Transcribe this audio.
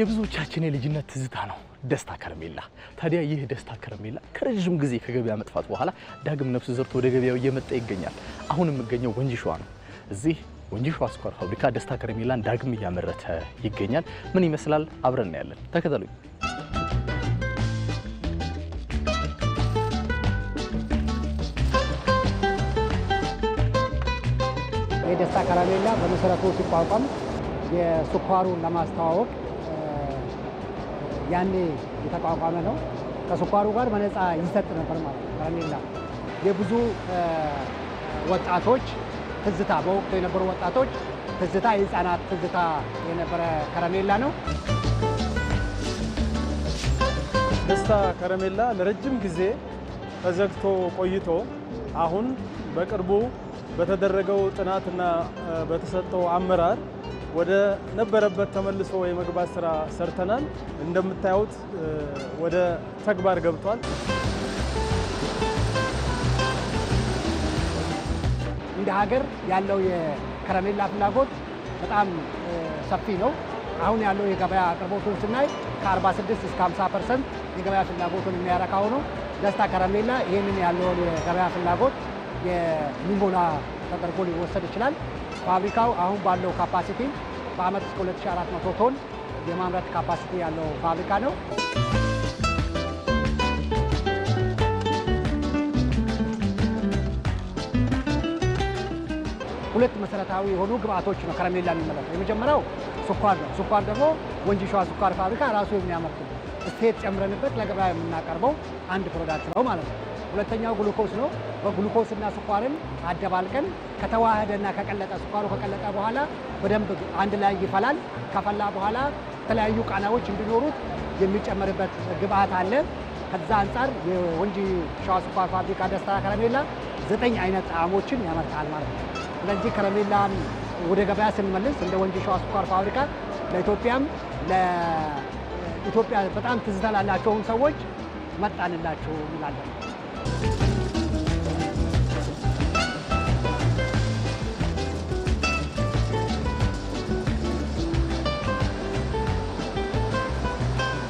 የብዙዎቻችን የልጅነት ትዝታ ነው ደስታ ከረሜላ። ታዲያ ይህ ደስታ ከረሜላ ከረዥም ጊዜ ከገበያ መጥፋት በኋላ ዳግም ነፍስ ዘርቶ ወደ ገበያው እየመጣ ይገኛል። አሁን የምገኘው ወንጂ ሸዋ ነው። እዚህ ወንጂ ሸዋ ስኳር ፋብሪካ ደስታ ከረሜላን ዳግም እያመረተ ይገኛል። ምን ይመስላል? አብረን ያለን ተከተሉኝ። የደስታ ከረሜላ በመሰረቱ ሲቋቋም የስኳሩን ለማስተዋወቅ ያኔ የተቋቋመ ነው። ከስኳሩ ጋር በነፃ ይሰጥ ነበር ማለት ነው። ከረሜላ የብዙ ወጣቶች ትዝታ፣ በወቅቱ የነበሩ ወጣቶች ትዝታ፣ የህፃናት ትዝታ የነበረ ከረሜላ ነው። ደስታ ከረሜላ ለረጅም ጊዜ ተዘግቶ ቆይቶ አሁን በቅርቡ በተደረገው ጥናትና በተሰጠው አመራር ወደ ነበረበት ተመልሶ የመግባት ስራ ሰርተናል። እንደምታዩት ወደ ተግባር ገብቷል። እንደ ሀገር ያለው የከረሜላ ፍላጎት በጣም ሰፊ ነው። አሁን ያለው የገበያ አቅርቦቱን ስናይ ከ46 እስከ 50 ፐርሰንት የገበያ ፍላጎቱን የሚያረካ ሆኖ ደስታ ከረሜላ ይህንን ያለውን የገበያ ፍላጎት የሚሞላ ተደርጎ ሊወሰድ ይችላል። ፋብሪካው አሁን ባለው ካፓሲቲ በአመት እስከ 2400 ቶን የማምረት ካፓሲቲ ያለው ፋብሪካ ነው። ሁለት መሰረታዊ የሆኑ ግብአቶች ነው ከረሜላ የሚመረተው። የመጀመሪያው ስኳር ነው። ስኳር ደግሞ ወንጂ ሸዋ ስኳር ፋብሪካ ራሱ የሚያመርት ነው። ስቴት ጨምረንበት ለገበያ የምናቀርበው አንድ ፕሮዳክት ነው ማለት ነው። ሁለተኛው ግሉኮስ ነው። እና ስኳርን አደባልቀን ከተዋህደና ከቀለጠ ስኳሩ ከቀለጠ በኋላ በደንብ አንድ ላይ ይፈላል። ከፈላ በኋላ የተለያዩ ቃናዎች እንዲኖሩት የሚጨመርበት ግብአት አለ። ከዛ አንጻር የወንጂ ሸዋ ስኳር ፋብሪካ ደስታ ከረሜላ ዘጠኝ አይነት ጣዕሞችን ያመርታል ማለት ነው። ስለዚህ ከረሜላን ወደ ገበያ ስንመልስ እንደ ወንጂ ሸዋ ስኳር ፋብሪካ ለኢትዮጵያም ኢትዮጵያ በጣም ትዝታ ላላቸውን ሰዎች መጣንላቸው እንላለን።